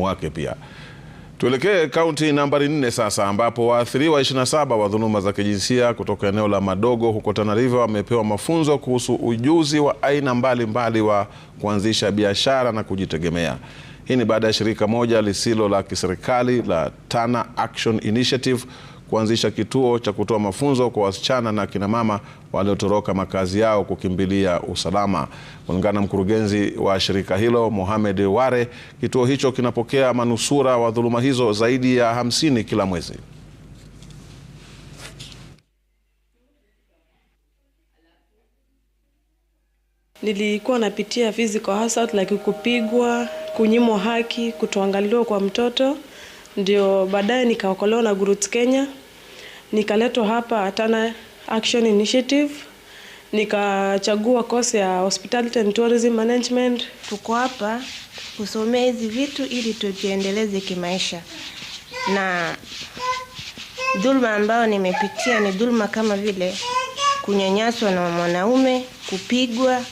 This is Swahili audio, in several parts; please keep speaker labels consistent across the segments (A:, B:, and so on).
A: msimamo wake pia. Tuelekee kaunti nambari nne sasa ambapo waathiriwa 27 wa dhuluma za kijinsia kutoka eneo la Madogo huko Tana River wamepewa mafunzo kuhusu ujuzi wa aina mbalimbali mbali wa kuanzisha biashara na kujitegemea. Hii ni baada ya shirika moja lisilo la kiserikali la Tana Action Initiative kuanzisha kituo cha kutoa mafunzo kwa wasichana na kina mama waliotoroka makazi yao kukimbilia usalama. Kulingana na mkurugenzi wa shirika hilo Mohamed Ware, kituo hicho kinapokea manusura wa dhuluma hizo zaidi ya hamsini kila mwezi.
B: Nilikuwa napitia physical assault like kupigwa, kunyimwa haki, kutoangaliwa kwa mtoto, ndio baadaye nikaokolewa na Gurut Kenya nikaletwa hapa Atana Action Initiative, nikachagua kosi ya Hospitality and Tourism Management.
C: Tuko hapa kusomea hizi vitu ili tujiendeleze kimaisha, na dhulma ambayo nimepitia ni dhulma kama vile kunyanyaswa na mwanaume, kupigwa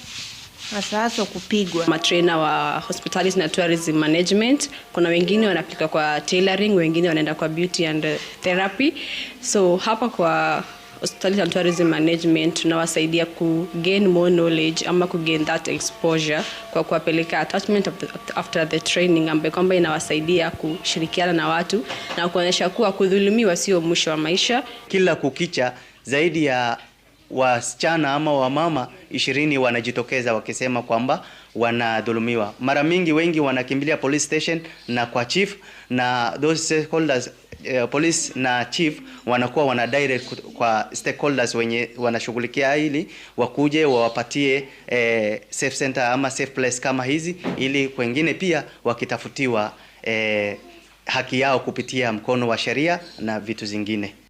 C: hasa hasa kupigwa.
D: Matrena wa hospitalities na tourism management, kuna wengine wanapika kwa tailoring, wengine wanaenda kwa beauty and therapy. So hapa kwa hospitality and tourism management tunawasaidia ku gain more knowledge ama ku gain that exposure kwa kuwapeleka attachment after the training ambayo kwamba inawasaidia kushirikiana na watu na kuonyesha kuwa kudhulumiwa sio mwisho wa maisha.
E: Kila kukicha zaidi ya wasichana ama wamama ishirini wanajitokeza wakisema kwamba wanadhulumiwa. Mara mingi wengi wanakimbilia police station na kwa chief na those stakeholders uh, police na chief wanakuwa wana direct kwa stakeholders wenye wanashughulikia hili wakuje wawapatie eh, safe center ama safe place kama hizi, ili wengine pia wakitafutiwa eh, haki yao kupitia mkono wa sheria na vitu zingine.